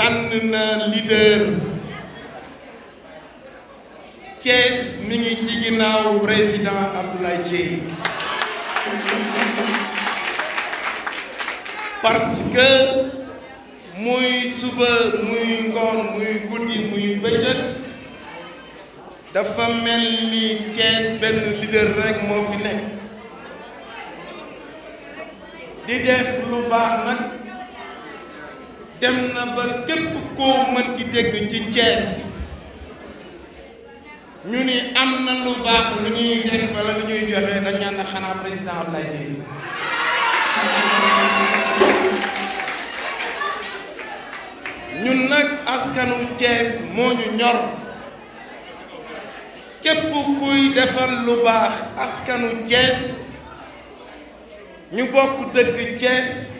tànn na leader Thiès mi ngi ci ginnaaw président Abdoulaye Dièye parce que muy suba muy ngoon muy guddi muy bëccëg dafa mel ni Thiès benn leader rek moo fi nekk di def lu baax nag dem na ba képp koo mën ki dégg ci Thiès ñu ni am na lu baax lu ñuy def wala lu ñuy joxe dañ ñaan xanaa président Abdoulaye Dièye ñun nag askanu Thiès moo ñu ñor képp kuy defal lu baax askanu Thiès ñu bokk dëkk Thiès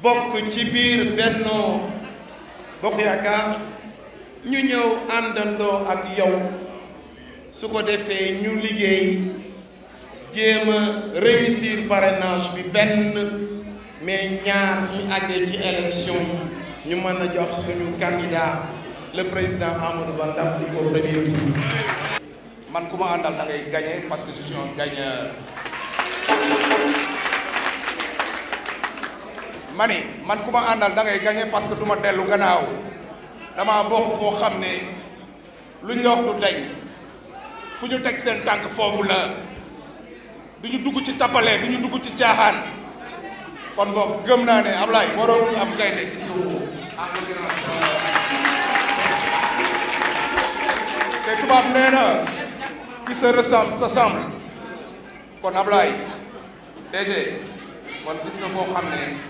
bok ci bir Benno bok yakar ñu ñew andando ak yow su ko defee ñu liggéey jema réussir parrainage bi ben mais ñaar suñu àggee ci élection yi ñu mën jox suñu candidat le président Amadou Ba ndam di ko premier man kuma andal da ngay gagner parce que je suis un gagnant ma ni man ku ma àndal da ngay gagné parce que du dellu gannaaw dama bokk foo xam ne lu ñu wax du fu ñu teg seen tànk foofu la du ñu dugg ci tappale du ñu dugg ci caaxaan kon boog gëm naa ne Ablaye waroon am gaynde te tubaab nee na qui se ressemble s'assemble kon Ablaye DG man gis na koo xam ne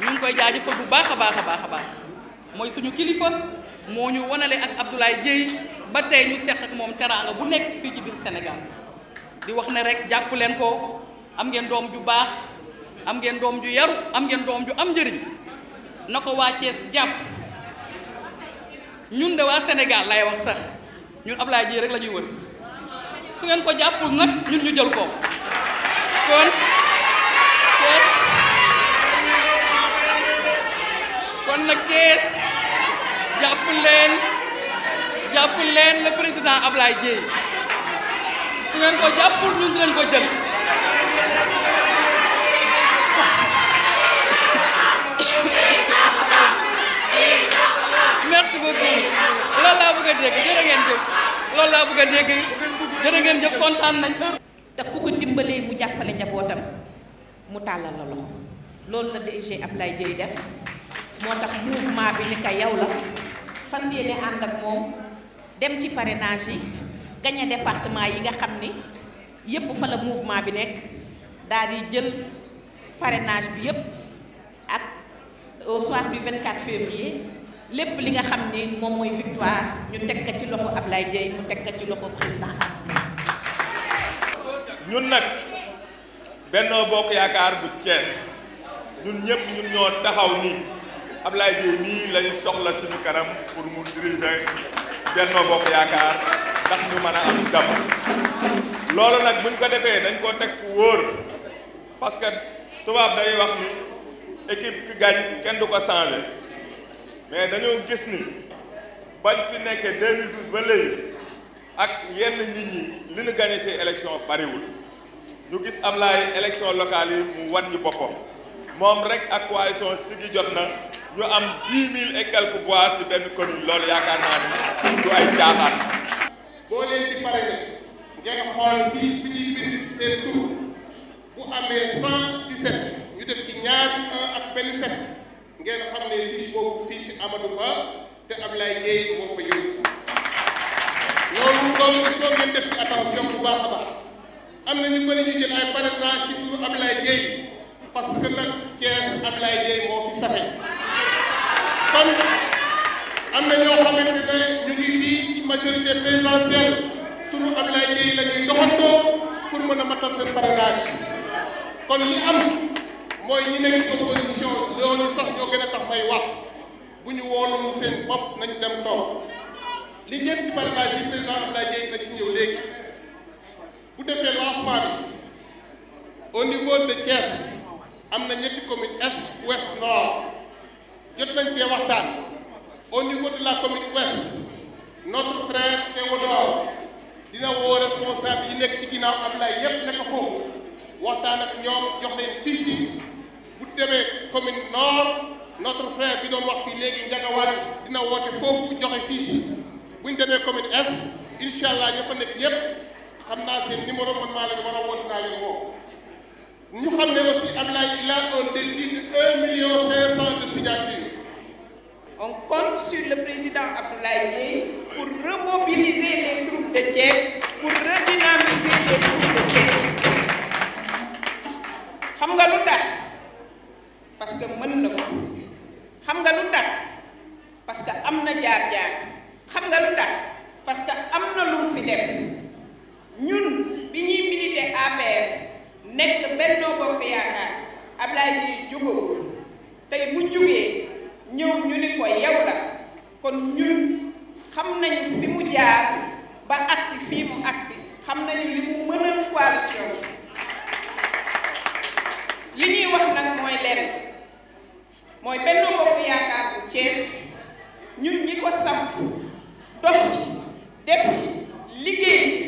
ñu koy jaajëfal bu baax a baax a baax a baax mooy suñu kilifa moo ñu wanale ak Abdoulaye Dieye ba tey ñu seq ak moom teraanga bu nekk fii ci biir Sénégal di wax ne rek jàpp leen ko am ngeen doom ju baax am ngeen doom ju yaru am ngeen doom ju am njëriñ na ko waa Thiès jàpp ñun de waa Sénégal lay wax sax ñun Abdoulaye Dieye rek la ñuy wër su ngeen ko jàppul nag ñun ñu jël ko kon nag Thiès jàpp leen jàpp leen le président Ablaye Dièye su ngeen ko jàppul ñun dinañ ko jël merci beaucoup loolu laa bëgg a dégg jërë ngeen jëf loolu laa bëgg a dégg jërë ngeen jëf kontaan nañ te ku ko dimbalee mu jàppale njabootam mu tàllal la loxo loolu la DG Ablaye Dièye def moo tax mouvement bi ni ko yow la fas yéene ànd ak moom dem ci parrainage yi gagné département yi nga xam ni yépp fa la mouvement bi nekk daal di jël parrainage bi yépp ak au soir du 24 février lépp li nga xam ni moom mooy victoire ñu teg ko ci loxo Ablaye Dieye mu teg ko ci loxo président ñun nag Benno Bokk Yaakaar bu Thiès ñun ñëpp ñun ñoo taxaw nii Ablaye Diouf nii lañ soxla suñu kanam pour mu diriger Benno Bokk Yaakaar ndax ñu mën a am ndam loolu nag buñ ko defee dañ koo teg fu wóor parce que tubaab day wax ni équipe ki gañ kenn du ko changé mais dañoo gis ni bañ fi nekkee 2012 ba léegi ak yenn nit ñi li ñu gagné ci élection bariwul ñu gis Ablaye élection locale yi mu wan ñu boppam moom rek ak coalition Siggi jot na ñu am dix mille et quelques benn commune loolu yaakaar naa ni du ay caaxaan. boo leen di pare ngeen xool fiche bi ñuy bind seen tur bu xam ne fiche boobu fiche Amadou Ba te Ablaye Gueye moo fa yóbbu loolu loolu il faut ngeen def ci attention bu baax a am na ñu bëri ñu jël ay parrainage ci turu Ablaye Gueye parce que nag Thiès Ablaye Gueye moo fi saxe xam am na ñoo xamante ne ñu ngi fii ci majorité présidentielle turu Abdoulaye Dièye la ñuy doxantoo pour mën a matal seen parrainage kon li am mooy ñi nekk opposition loolu sax ñoo gën a tax may wax bu ñu woonul seen bopp nañ dem toog li ngeen ci parrainage yi président Abdoulaye Dièye ci ñëw léegi bu defee lancement au niveau de Thiès am na ñetti commune est ouest nord jot nañ cee waxtaan au niveau de la commune ouest notre frère Théodore dina woo responsable yi nekk ci ginnaaw Ablaye yépp nekk foofu waxtaan ak ñoom jox leen fiche yi bu demee commune nord notre frère bi doon wax fii léegi njagawaar dina de foofu joxe fiche yi buñ demee commune est incha allah ña fa nekk yépp xam naa seen numéro man maa leen war a woote naa leen woo Nous sommes aussi là, on décide 1 million de signatures. On compte sur le président Abdoulaye pour remobiliser les troupes de Thiès, pour redynamiser les troupes de Thiès. Xam nga lu tax parce que mën na ko xam nga lu tax parce que am na jaar-jaar xam nga lu tax parce que am na lu fi def ñun nekk Benno Bokk Yaakaar Ablaye ji jógagul tey bu jógee ñëw ñu ni ko yow la kon ñun xam nañu fi mu jaar ba agsi fii mu agsi xam nañu li mu mënal coalition li ñuy wax nag mooy lenn mooy Benno Bokk Yaakaar bu Thiès ñun ñi ko samp dox ci def ci liggéey ci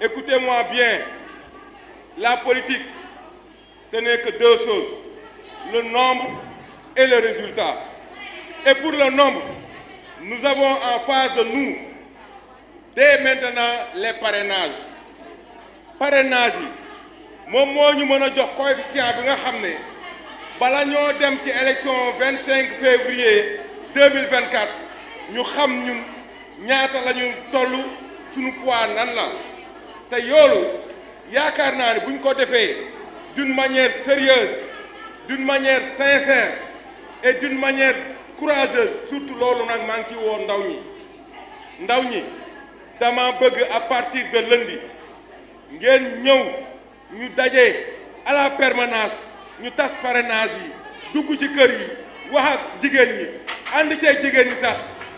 Écoutez-moi bien. La politique, ce n'est que deux choses. Le nombre et le résultat. Et pour le nombre, nous avons en face de nous, dès maintenant, les parrainages. Parrainage nous moi, nous jox coefficient bi nga xam en bala ñoo dem 25 février 2024 nous xam ñun ñaata nous nous toll suñu poids te yolo, yaakaar buñ ko défé d'une manière sérieuse d'une manière sincère et d'une manière courageuse surtout lolu nak maa ngi ci wo ndaw ñi ndaw ñi dama bëgg à partir de lundi ngeen ñëw ñu dajé à la permanence ñu tas parrainage yi dugg ci kër yi wax ak jigéen ñi ànd cee jigéen ñi sax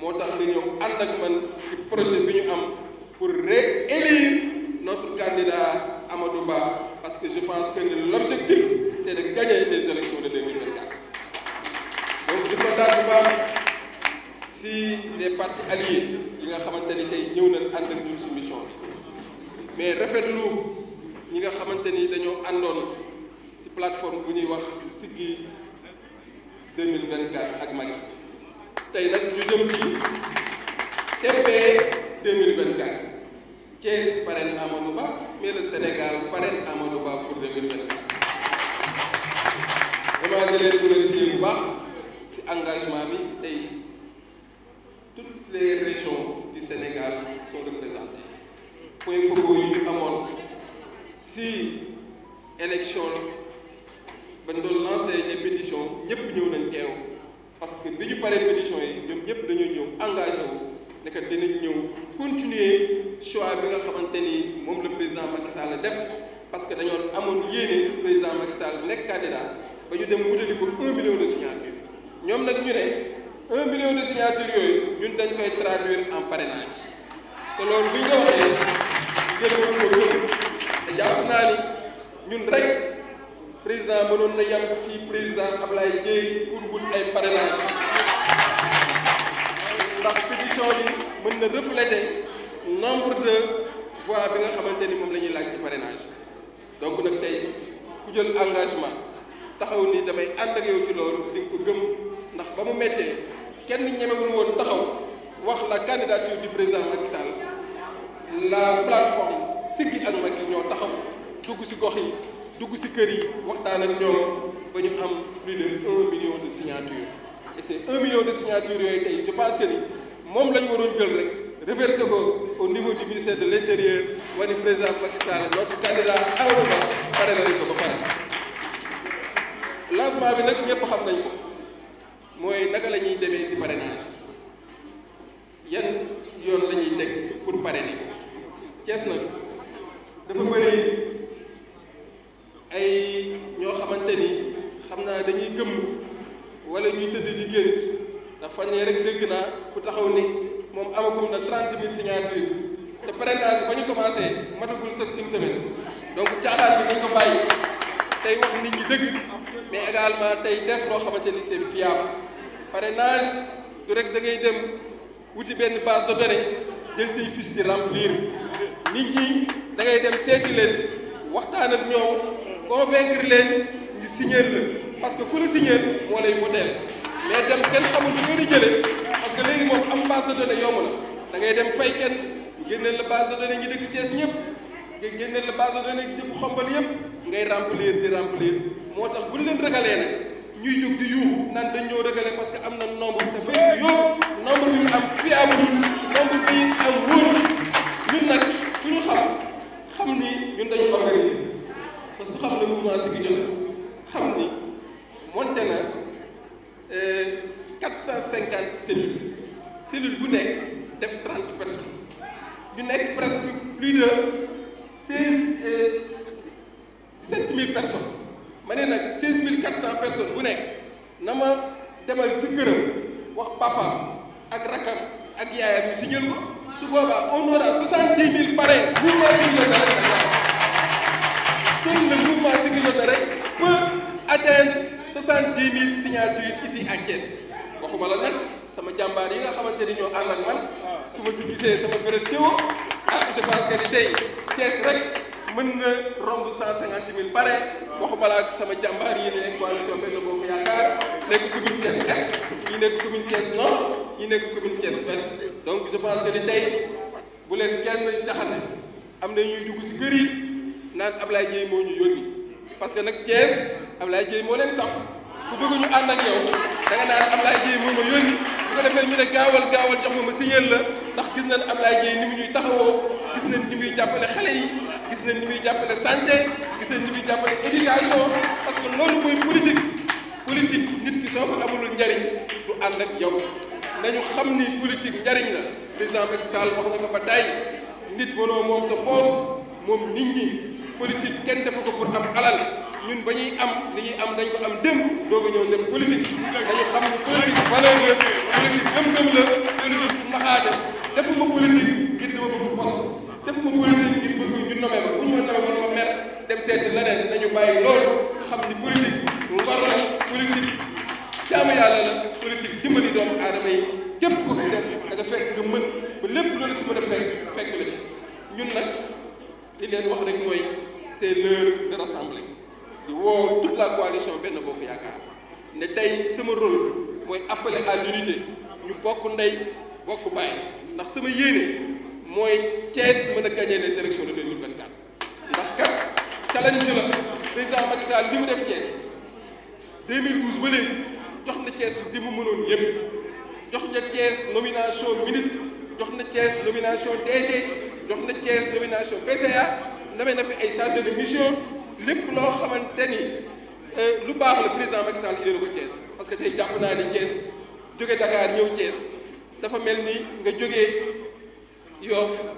moo tax projet pour réélire notre candidat Amadou parce que je pense que l'objectif c'est de gagner les élections de 2024 donc je si les partis alliés yi nga xamante mais rafetlu ñi nga dañoo plateforme 2024 tey nag ñu jëm ci TP 2024 Thiès Parène Amadou Ba mais le Sénégal Parène Amadou Ba pour 2024. damaa ngi leen remercier bu baax si engagement bi tey toutes les régions du Sénégal sont représentées point focaux yi ñu si élection la ba lancé des pétitions ñëpp ñëw nañ teew parce que bi ñu paree pétition yi ñoom ñëpp dañoo ñëw engagé wu ne que dinañ ñëw continuer choix bi nga xamante ni moom le président Macky Sall def parce que dañoo amoon yéene président Macky Sall nekk candidat ba ñu dem wutali ko un million de signatures ñoom nag ñu ne un million de signatures yooyu ñun dañ koy traduire en parrainage te loolu bi ñu ko waxee jël ko jël te jàpp naa ni ñun rek président mënoon na yem ci président Ablaye Dièye pour wut ay parrainage ndax pétition bi mën na refléter nombre de voix bi nga xamante ni moom la ñuy laaj ci parrainage donc nag tey ku jël engagement taxaw ni damay ànd ak yow ci loolu di ko gëm ndax ba mu méttee kenn ñemewul woon taxaw wax la candidature du président Macky Sall la plateforme Sigi ak Macky ñoo taxaw dugg ci gox yi dugg si kër yi waxtaan ak ñoom ba ñu am plus de 1 million de signatures et c'est 1 million de signatures yooyu tey je pense que ni moom la waroon jël rek reverser ko au niveau du ministère de l'intérieur wani président Macky notre candidat Amadou Ba pare na ko ba pare lancement bi nag ñëpp xam nañ ko mooy naka la ñuy demee si parrainage yan yoon la ñuy teg pour parrainer Thiès nag dafa bëri ay ñoo xamante ni xam naa dañuy gëmm wala ñuy tëdd di gént ndax fan rek dégg naa ku taxaw ni moom amagum na trente mille signatures te parrainage ba ñu commencé matagul sax une semaine donc caaxaan bi dañ ko bàyyi tey wax nit ñi dëgg mais également tey def loo xamante ni c'est fiable parrainage du rek da ngay dem wuti benn base de données jël say fiches di remplir nit ñi da dem seeti leen waxtaan ñoom. convaincre leen ñu signer la parce que ku la signer moo lay voteel mais dem ken xamul lu ngeen jëlé parce que légui moom am base de données yomb na da ngay dem fay ken ñu la base de données ñi dëkk Thiès ñëpp nga la base de données ci xombal yëpp ngay remplir di remplir motax buñu leen ragalee nak ñuy jóg di yuuxu nan dañ ñoo ragale parce que am na nombre fay yoo nombre bi am fiable nombre bi am wóorul ñun nak ñu xam xam ni ñun dañu organiser nous avons le mouvement est très Je pense que 450 cellules. Cellules pour 30 personnes. Il y presque plus de 7 000 euh, personnes. Maintenant, il y a 16 400 personnes. Je pense que le papa, le Krakan, le Guy, le Zigel, on aura 70 000 pareils. seul le mouvement Siggil Jotna rek peut atteindre 70 000 signatures ici à Thiès waxuma la sama jambari, yi nga menjadi ñoo ànd ak man su sama frère Théo ah je pense que ni tey Thiès rek pare waxuma la sama jambari ini, ne coalition Benno Bokk Yaakaar nekk commune Thiès Est ñi nekk commune Thiès Nord ñi nekk commune Thiès Ouest donc je pense que ni tey bu leen kenn naan Ablaye Dieye moo ñu yónni parce que nag Thiès Ablaye Dieye moo leen saf ku bëgg ñu ànd ak yow da nga naan Ablaye Dieye moo a yónni bu ko defee ñu ne gaawal gaawal jox ma si yéen la ndax gis nañ Ablaye Dieye ni mu ñuy taxawoo gis nañ ni muy jàppale xale yi gis nañ ni muy jàppale santé gis nañ ni muy jàppale éducation parce que loolu mooy politique politique nit ki soo ko amulul njariñ du ànd ak yow nañu xam ni politique njariñ la président Macky Sall wax na ba tey nit mënoo moom moom nit ñi politique kenn defu ko pour am alal ñun ba ñuy am li ñuy am dañ ko am démb doog a ñëw dem politique dañu xam ne politique valeur Thiès mën a gagné les élections de 2024 ndax kat challenge la président Macky Sall li mu def Thiès 2012 ba léegi jox na Thiès li mu mënoon yëpp jox na Thiès nomination ministre jox na Thiès nomination DG jox na Thiès nomination PCA damay na fi ay chargé de mission lépp loo xamante ni euh, lu baax la président Macky Sall jëlee ko Thiès parce que tey jàpp naa ni Thiès jóge Dakar ñëw Thiès dafa mel ni nga jógee Yoff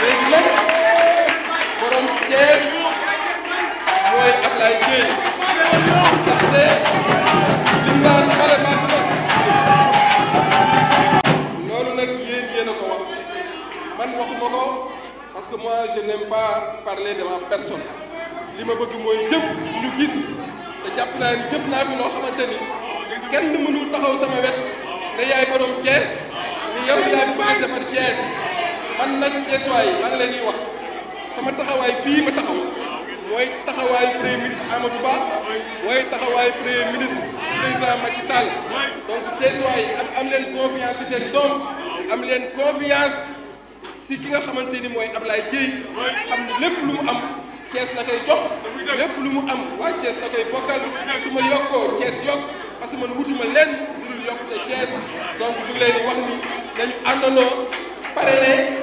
léegi nag borom Thiès mooy Ablaye Dièye ndaxte liñ naan xale maa ko loolu nag yéen yéen a ko wax man waxuma ko parce que moi je n'aime pas parler de ma personne li ma bëgg mooy jëf ñu gis te jàpp naa ni jëf naa fi loo xamante ni kenn mënul taxaw sama wet ne yaay borom Thiès ni yow yaa bëgg defar Thiès man nag Thiessois yi maa ngi leen di wax sama taxawaay fii ma taxaw mooy taxawaay premier ministre Amadou Ba mooy taxawaay premier ministre président Macky Sall donc Thiessois am am leen confiance ci seen doom am leen confiance ci ki nga xamante ni mooy Ablaye Dièye xam lépp lu mu am Thiès la koy jox lépp lu mu am waa Thiès la koy bokkal su ma yokkoo Thiès yokk parce que man wutuma leen lu dul yokkute Thiès donc ñu ngi leen di wax ni dañu àndandoo pare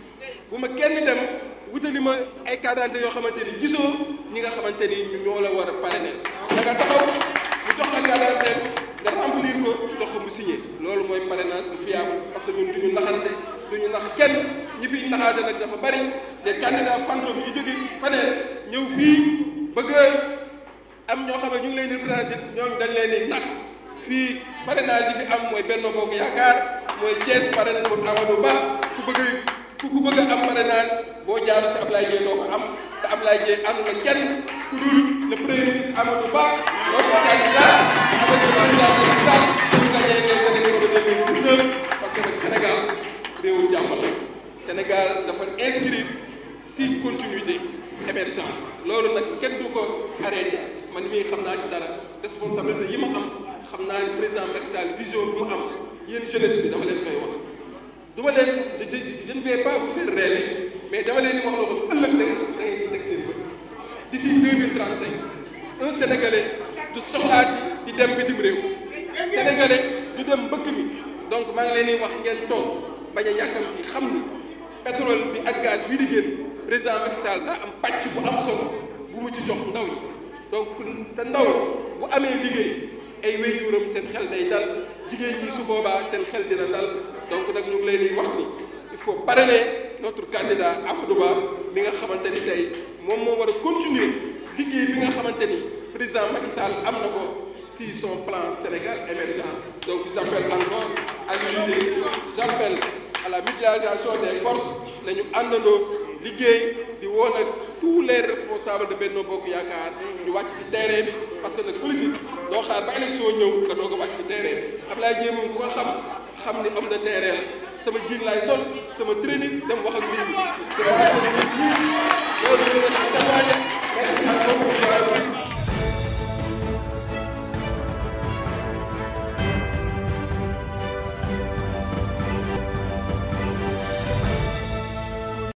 Vous kenn dem wutali ma ay cadante yoo xamante ni gisoo ñi nga xamante ni la war a da nga taxaw ñu jox la cadante nga remplir ko jox ko signé loolu mooy parrainage bu fiable parce que ñun duñu naxante ñu nax kenn ñi fi naxaate nag dafa bari les candidats fantômes yu jóge faneen ñëw fii bëgg am ñoo xam ne ñu ngi leen di représenté ñoom dañ leen di nax fii parrainage yi fi am mooy benn Bokk Yaakaar mooy Thiès parrainé pour Amadou Ba ku bëgg ku ku bëgg am parrainage boo jaara si Ablaye Dieye doo ko am te Ablaye Dieye ànd na kenn ku dul ko jaay si laaj avec le président Macky la Sénégal si continuité émergence loolu nag kenn ko arrêté man mii xam naa ci dara responsabilité yi ma am xam naa ne président Macky Sall vision bu am yéen jeunesse bi leen koy wax du ma leen je je ne dama leen di wax loolu ëllëg da ngay teg seen bët d'ici deux mille trente cinq di dem bitim réew sénégalais du dem mbëkk wax ngeen toog bañ a yàkkam xam ni pétrole bi ak gaz bii di génn président Macky Sall am pàcc bu am solo bu ci jox ndaw yi donc te ndaw bu amee liggéey ay wéyuuram seen xel day dal jigéen ñi su boobaa seen xel dina dal donc nag ñu ngi leen wax ni il faut parrainer notre candidat Abdouba, Ba mi nga xamante ni tey moom moo war a continuer liggéey bi nga xamante ni président Macky Sall am na ko si son plan Sénégal émergent donc j'appelle encore à l'unité j'appelle à la mutualisation des forces nañu àndandoo liggéey di woo nag tous les responsables de Benno Bokk Yaakaar ñu wàcc ci terrain bi parce que nag politique doo xaar ba élection ñëw nga doog a wàcc ci terrain bi Abdoulaye Dieng moom ku ko xam xam ni homme de terrain la sama jiin laay sol sama training dem wax ak lii.